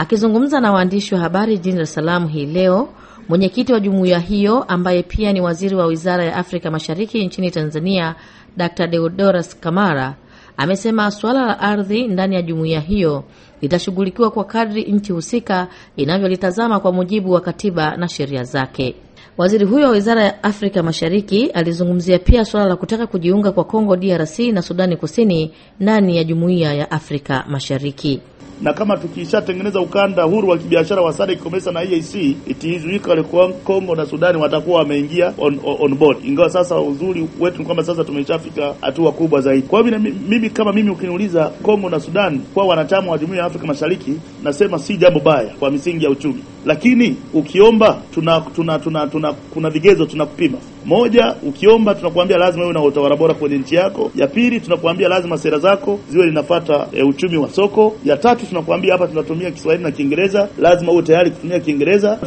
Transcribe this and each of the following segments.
Akizungumza na waandishi wa habari jijini Dar es Salaam hii leo, mwenyekiti wa jumuiya hiyo ambaye pia ni waziri wa wizara ya Afrika Mashariki nchini Tanzania, Dr Deodoras Kamara amesema suala la ardhi ndani ya jumuiya hiyo litashughulikiwa kwa kadri nchi husika inavyolitazama kwa mujibu wa katiba na sheria zake. Waziri huyo wa wizara ya Afrika Mashariki alizungumzia pia suala la kutaka kujiunga kwa Kongo DRC na Sudani Kusini ndani ya jumuiya ya Afrika Mashariki na kama tukishatengeneza ukanda huru wa kibiashara wa SADC COMESA na EAC, itizuika wale Kongo na Sudani watakuwa wameingia on, on, on board. Ingawa sasa uzuri wetu ni kwamba sasa tumeshafika hatua kubwa zaidi. Kwa hivyo mimi kama mimi ukiniuliza Kongo na Sudani kwa wanachama wa Jumuiya ya Afrika Mashariki, nasema si jambo baya kwa misingi ya uchumi, lakini ukiomba tuna tuna tuna, tuna kuna vigezo tunakupima. Moja, ukiomba tunakuambia lazima uwe na utawala bora kwenye nchi yako. Ya pili, tunakuambia lazima sera zako ziwe linafata e, eh, uchumi wa soko. Ya tatu, tunakuambia hapa tunatumia Kiswahili na Kiingereza, lazima uwe tayari kutumia Kiingereza.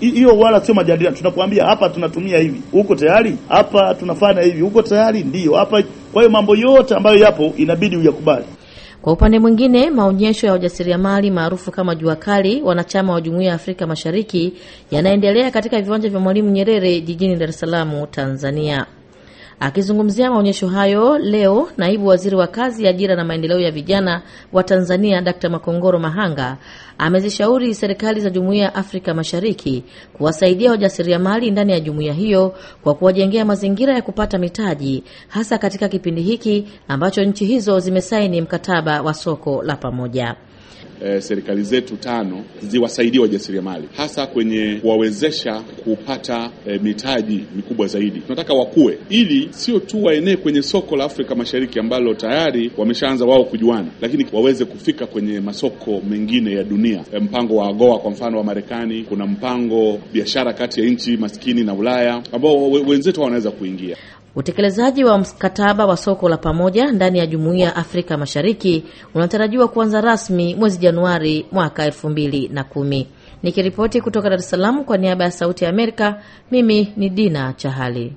Hiyo wala sio majadiliano, tunakuambia hapa tunatumia hivi, uko tayari? Hapa tunafanya hivi, uko tayari? ndio hapa. Kwa hiyo mambo yote ambayo yapo inabidi uyakubali. Kwa upande mwingine, maonyesho ya wajasiriamali maarufu kama Jua Kali, wanachama wa Jumuiya ya Afrika Mashariki, yanaendelea katika viwanja vya Mwalimu Nyerere jijini Dar es Salaam, Tanzania. Akizungumzia maonyesho hayo leo, naibu waziri wa kazi, ajira na maendeleo ya vijana wa Tanzania Dkt. Makongoro Mahanga amezishauri serikali za Jumuiya ya Afrika Mashariki kuwasaidia wajasiriamali ndani ya jumuiya hiyo kwa kuwajengea mazingira ya kupata mitaji, hasa katika kipindi hiki ambacho nchi hizo zimesaini mkataba wa soko la pamoja e, serikali zetu tano ziwasaidie wajasiriamali hasa kwenye kuwawezesha kupata e, mitaji mikubwa zaidi. Tunataka wakue, ili sio tu waenee kwenye soko la Afrika Mashariki ambalo tayari wameshaanza wao kujuana, lakini waweze kufika kwenye masoko mengine ya dunia. E, mpango wa AGOA kwa mfano wa Marekani, kuna mpango biashara kati ya nchi maskini na Ulaya ambao wenzetu wanaweza kuingia. Utekelezaji wa mkataba wa soko la pamoja ndani ya Jumuiya ya Afrika Mashariki unatarajiwa kuanza rasmi mwezi Januari mwaka elfu mbili na kumi. Nikiripoti kutoka Dar es Salaam kwa niaba ya Sauti ya Amerika, mimi ni Dina Chahali.